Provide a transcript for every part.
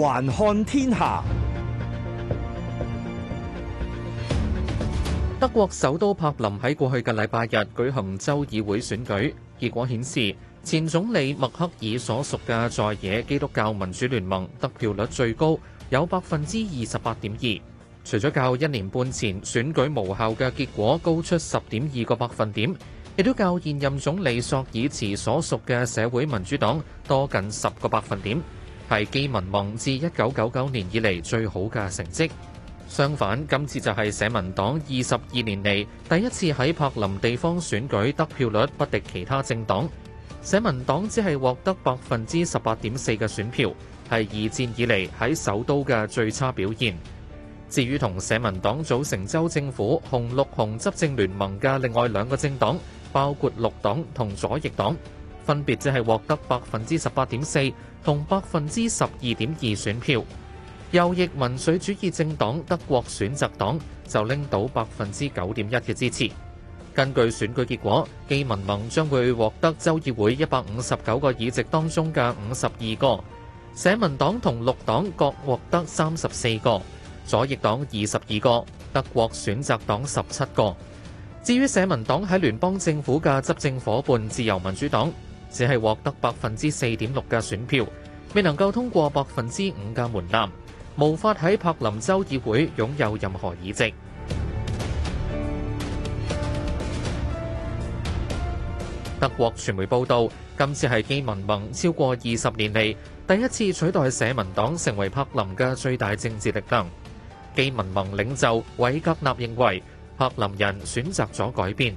環看天下，德國首都柏林喺過去嘅禮拜日舉行州議會選舉，結果顯示前總理默克爾所屬嘅在野基督教民主聯盟得票率最高有，有百分之二十八點二，除咗較一年半前選舉無效嘅結果高出十點二個百分點，亦都較現任總理朔爾茨所屬嘅社會民主黨多近十個百分點。係基民盟自一九九九年以嚟最好嘅成績。相反，今次就係社民黨二十二年嚟第一次喺柏林地方選舉得票率不敵其他政黨。社民黨只係獲得百分之十八點四嘅選票，係二戰以嚟喺首都嘅最差表現。至於同社民黨組成州政府紅綠紅執政聯盟嘅另外兩個政黨，包括綠黨同左翼黨。分別只係獲得百分之十八點四同百分之十二點二選票。右翼民粹主義政黨德國選擇黨就拎到百分之九點一嘅支持。根據選舉結果，基民盟將會獲得州議會一百五十九個議席當中嘅五十二個，社民黨同綠黨各獲得三十四個，左翼黨二十二個，德國選擇黨十七個。至於社民黨喺聯邦政府嘅執政伙伴自由民主黨。只係獲得百分之四點六嘅選票，未能夠通過百分之五嘅門檻，無法喺柏林州議會擁有任何議席。 德國傳媒報道，今次係基民盟超過二十年嚟第一次取代社民黨成為柏林嘅最大政治力量。基民盟領袖韋格納認為，柏林人選擇咗改變。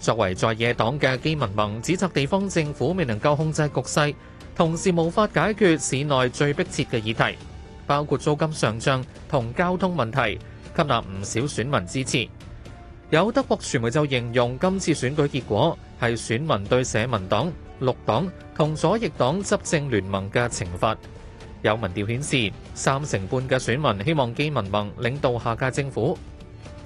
作為在野黨嘅基民盟指責地方政府未能夠控制局勢，同時無法解決市內最迫切嘅議題，包括租金上漲同交通問題，吸納唔少選民支持。有德國傳媒就形容今次選舉結果係選民對社民黨、綠黨同左翼黨執政聯盟嘅懲罰。有民調顯示，三成半嘅選民希望基民盟領導下屆政府。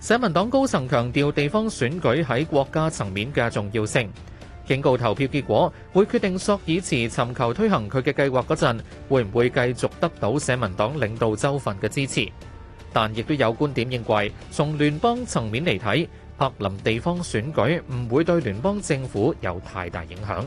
社民黨高層強調地方選舉喺國家層面嘅重要性，警告投票結果會決定朔爾茨尋尋求推行佢嘅計劃嗰陣會唔會繼續得到社民黨領導州份嘅支持。但亦都有觀點認為，從聯邦層面嚟睇，柏林地方選舉唔會對聯邦政府有太大影響。